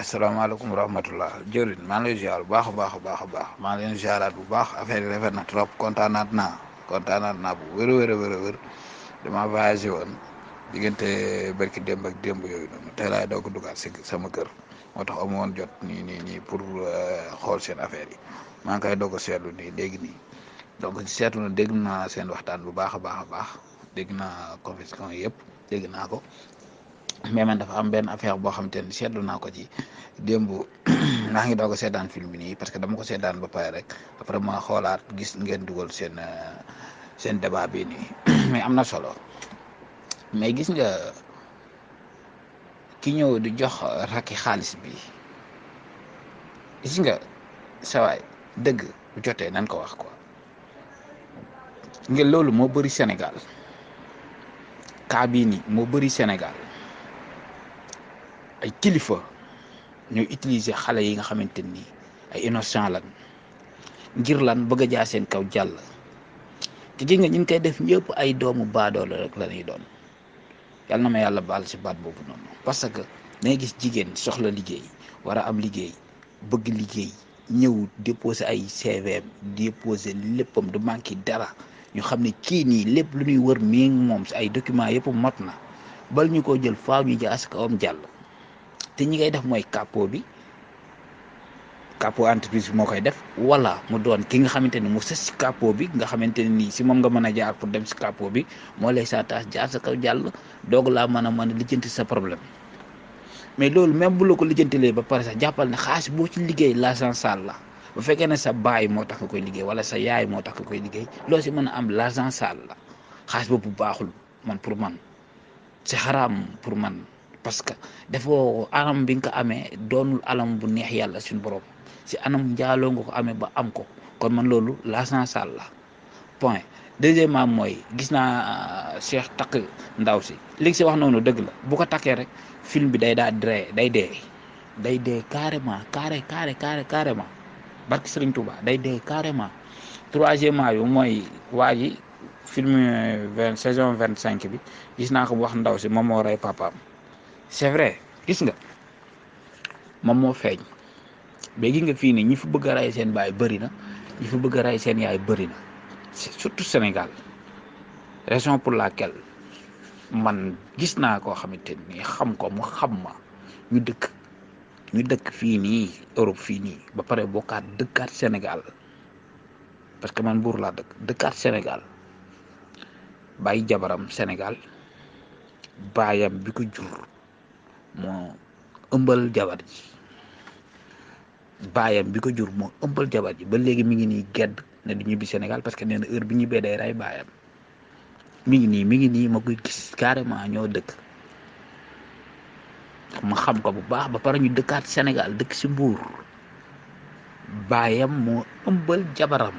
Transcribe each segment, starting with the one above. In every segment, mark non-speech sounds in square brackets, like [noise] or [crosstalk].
asalaamaaleykum wa rahmatullah jëwriñ maa ngi lay ziar bu baax a baax a baax a baax maa ngi leen ziaraat bu baax affaire yi rafet na trop kontaanaat naa kontaanaat naa bu wér a wér a wér a wér dama voyagé woon diggante barki démb ak démb yooyu noonu tey laay dugaat sama kër moo tax amu woon jot nii nii nii pour euh, xool seen affaire yi maa ngi koy doog a seetlu nii dégg nii donc seetlu na dégg naa seen waxtaan bu baax a baax a baax dégg naa confession yëpp dégg naa ko mais man dafa am benn affaire boo xamante ne seetlu na ko ci démb [clears throat] maa ngi doog a seetaan film bi nii parce que dama ko seetaan ba pare rek après ma xoolaat gis ngeen dugal seen euh, seen débat bi nii [clears throat] mais am na solo mais gis nga ki ñëw di jox rakki xaalis bi gis nga sawaay dëgg jote jotee nañ ko wax ko ngeen loolu moo bari Sénégal kaa bii nii moo bari Sénégal. ay kilifa ñuy utiliser xale yi nga xamante ni ay innocent lan ngir lan bëgg a jaa seen kaw jàll te ji nga ñu ngi koy def ñëpp ay doomu baadoola rek la doon yàlla na ma yàlla baal si baat boobu noonu parce que dangay gis jigéen soxla liggéey war a am liggéey bëgg liggéey ñëw déposé ay CVM déposé léppam du manqué dara ñu xam ne kii nii lépp lu ñuy wër mi moom si ay document yëpp mot na bal ñu ko jël faaw ñu jaas kawam jàll te ñi ngay def mooy kapo bi capot entreprise bi moo koy def wala mu doon ki nga xamante ni mu sës ci capot bi nga xamante ne nii si moom nga mën a jaar pour dem si capot bi moo lay saa taas jaar sa kaw jàll doog laa mën a mën a lijjanti sa problème mais loolu même bu la ko lijjantilee ba pare sa jàppal ne xaalis boo ci liggéey l'argent sale la bu fekkee ne sa baay moo tax nga koy liggéey wala sa yaay moo tax nga koy liggéey loo si mën a am l'argent sale la xaalis boobu baaxul man pour man pour man. parce que defoo anam bi nga ko amee doonul alam bu neex yàlla suñu borom si anam njaaloo nga ko amee ba am ko kon man loolu la sansal la point deuxièmement mooy gis naa euh, Cheikh takk ndaw si li si wax noonu dëgg la bu ko takkee rek film bi day daa dree day dee day dee carrément carré carré carré carrément barki Serigne Touba day dee carrément troisièmement yu mooy waa ji film euh, vingt saison vingt cinq bi gis naa ko wax ndaw si moom moo rey c'est vrai gis nga moom moo feeñ mais gis nga fii nii ñi fi bëgg a rey seen baay bëri na ñi fi bëgg a rey seen yaay bëri na surtout Sénégal raison pour laquelle man gis naa koo xamante nii xam ko mu xam ma ñu dëkk ñu dëkk fii nii Europe fii nii ba pare bokkaat dëkkaat Sénégal parce que man buur laa dëkk dëkkaat Sénégal bàyyi jabaram Sénégal baayam bi ko jur. moo ëmbal jabar ji baayam bi ko jur moo ëmbal jabar ji ba léegi mi ngi nii gedd ne du ñibbi Sénégal parce que nee na heure bi ñibbee day ray baayam mi ngi nii mi ngi nii ma koy gis carrément ñoo dëkk ma xam ko bu baax ba pare ñu dëkkaat Sénégal dëkk ci Mbuur baayam moo ëmbal jabaram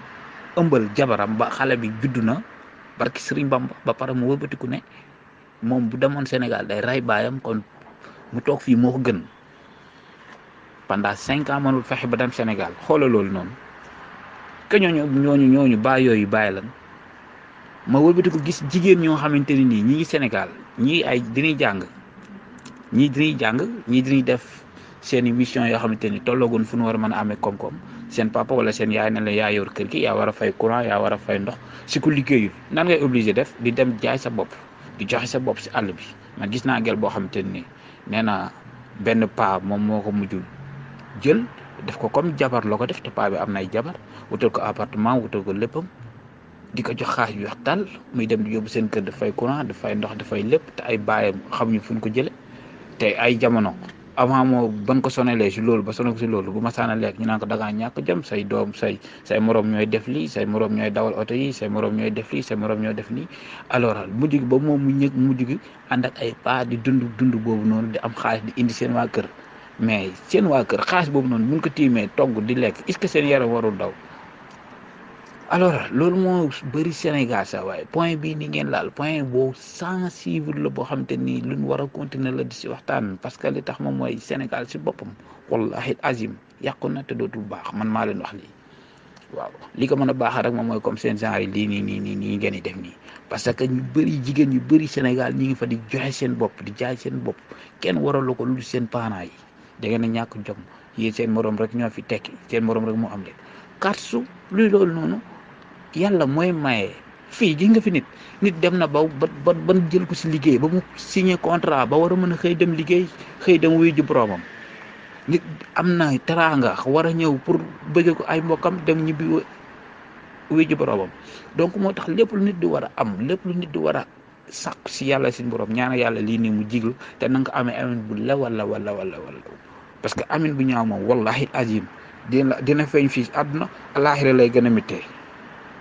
ëmbal jabaram ba xale bi juddu na barki Sëriñ Bamba ba pare mu wëbbatiku ne moom bu demoon Sénégal day ray baayam kon mu toog fii moo ko gën pendant cinq ans mënul fexe ba dem Sénégal xoola loolu noonu que ñooñu ñooñu ñooñu baay yooyu bàyyi lan ma wëlbati ko gis jigéen ñoo xamante ne nii ñi ngi Sénégal ñii ay dinañ jàng ñii dinañ jàng ñii dinañ def seeni mission yoo xamante ni tolloogoon fu nu war a mën a amee koom-koom seen papa wala seen yaay ne la yaa yor kër gi yaa war a fay courant yaa war a fay ndox si ku liggéeyu nan ngay obligé def di dem jaay sa bopp di joxe sa bopp si àll bi man gis naa gel boo xamante ni nee na benn paa moom moo ko mujj jël def ko comme jabar la ko def te paa bi am na ay jabar wutal ko appartement wutal ko léppam di ko jox xaaj yu wax tal muy dem di yóbbu seen kër dafay courant dafay ndox dafay lépp te ay baayam xam ñu ñu ko jële te ay jamono avant moo ban ko sonalee si loolu ba sonal ko si loolu bu ma saana lekk ñu naan ko dangaa ñàkk jëm say doom say say morom ñooy def lii say moroom ñooy dawal oto yi say moroom ñooy def lii say morom ñooy def lii alors mujj gi ba moom mu ñëg mujj gi ànd ay pas di dund dund boobu noonu di am xaalis di indi seen waa kër mais seen waa kër xaalis boobu noonu buñ ko tiimee togg di lekk est-ce que seen yaram warul daw alors loolu moo bari Sénégal sax waaye point bii ni ngeen laal point boobu sensible la boo xam te ni luñ war a continuer la di si waxtaan parce que li tax moom mooy Sénégal si boppam wallahi azim yàqu na te dootul baax man maa leen wax lii waaw li ko mën a baaxal rek moom mooy comme seen genre yi lii nii nii nii ngeen di def nii parce que ñu bëri jigéen ñu bëri Sénégal ñi ngi fa di joxe seen bopp di jaay seen bopp kenn waralu ko lu seen parents yi da ngeen a ñàkk jom yéen seen moroom rek ñoo fi tekki seen morom rek moo am yàlla mooy maye fii ji nga fi nit nit dem na ba ba ban jël ko si liggéey ba mu signé contrat ba war a mën a xëy dem liggéey xëy dem wuyu ji nit am na teraanga war a ñëw pour bëgge ko ay mbokkam dem ñibbi wuyu ji donc moo tax lépp lu nit di war a am lépp lu nit di war a sàkku si yàlla si borom ñaana yàlla lii nii mu jiglu te na nga amee amin bu la wala wala wala parce que amin bu ñaaw moom wallahi azim dina dina feeñ fii àdduna alaaxira lay gën a méttee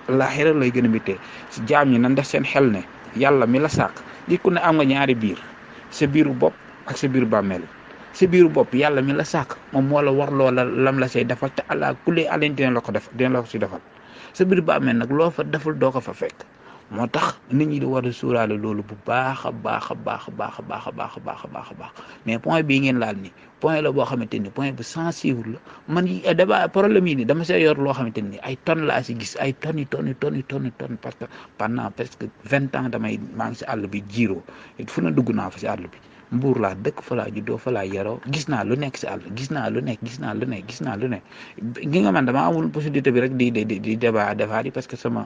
laaxira lay gën a méttee si jaam yi na def seen xel ne yàlla mi la sàkk nit ku ne am nga ñaari biir sa biiru bopp ak sa biiru bàmmeel sa biiru bopp yàlla mi la sàkk moom moo la war loola lam la say defal te allah kulli alin dina la ko def dina la ko si defal sa biiru bàmmeel nag loo fa deful doo ko fa fekk moo tax nit ñi di war a loolu bu baax a baax a baax a baax a baax a baax a baax a baax a baax mais point bii ngeen laal ni point la boo xamante ni point bu sensible la man eh, dama problème yi ni dama see yor loo xamante ni ay tonnes laa si gis ay tonnes yi ton yi tonnes yi tonnes tonnes parce que pendant presque vingt ans damay maa ngi si àll bi jiiroo fu na dugg naa fa si àll bi mbuur laa dëkk fa laa juddoo fa laa yaroo gis naa lu nekk si àll gis naa lu nekk gis naa lu nekk gis naa lu nekk gi nga man dama amul possibilité bi rek di di di débat defaat yi parce que sama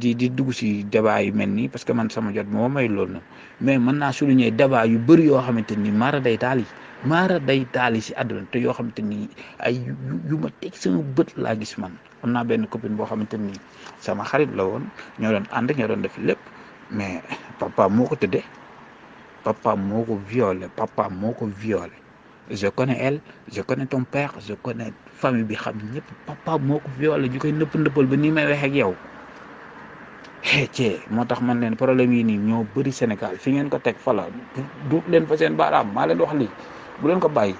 di di dugg si débat yu mel nii parce que man sama jot moo may loolu na mais mën naa souligner débat yu bëri yoo xamante ni mara day taal yi maara day taali si àdduna yoo xamante ni ay yu ma teg bët laa gis man am naa benn copine boo xamante ni sama xarit la woon ñoo doon ànd ñoo doon def lépp mais papa moo ko tëddee papa moo ko papa moo ko violé je connais elle je connais ton père je famille bi xam ñëpp papa moo ko violé ñu koy ba ni may waxee ak yow moo tax man leen problème yi nii ñoo bari Sénégal fi ngeen ko teg fala duut leen fa seen baaraam maa leen wax lii bu leen ko bàyyi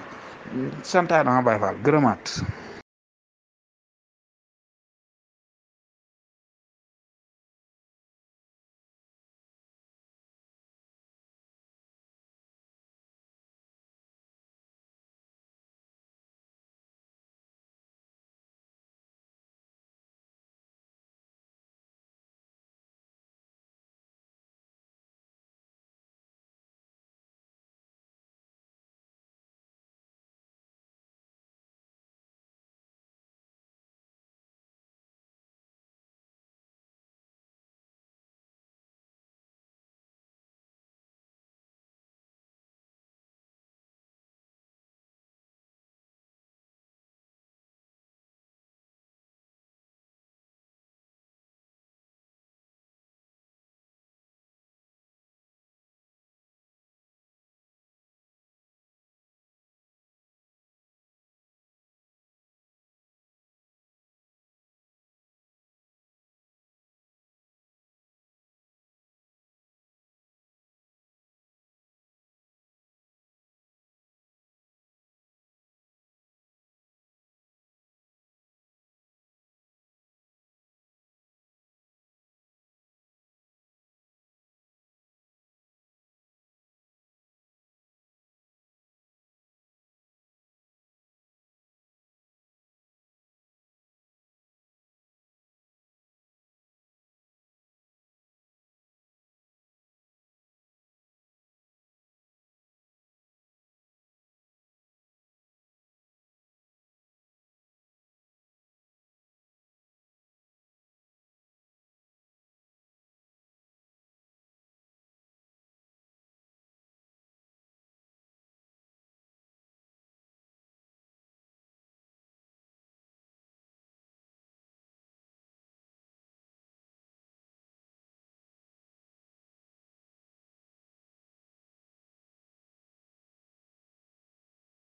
santaan Baye Fall gërëmaat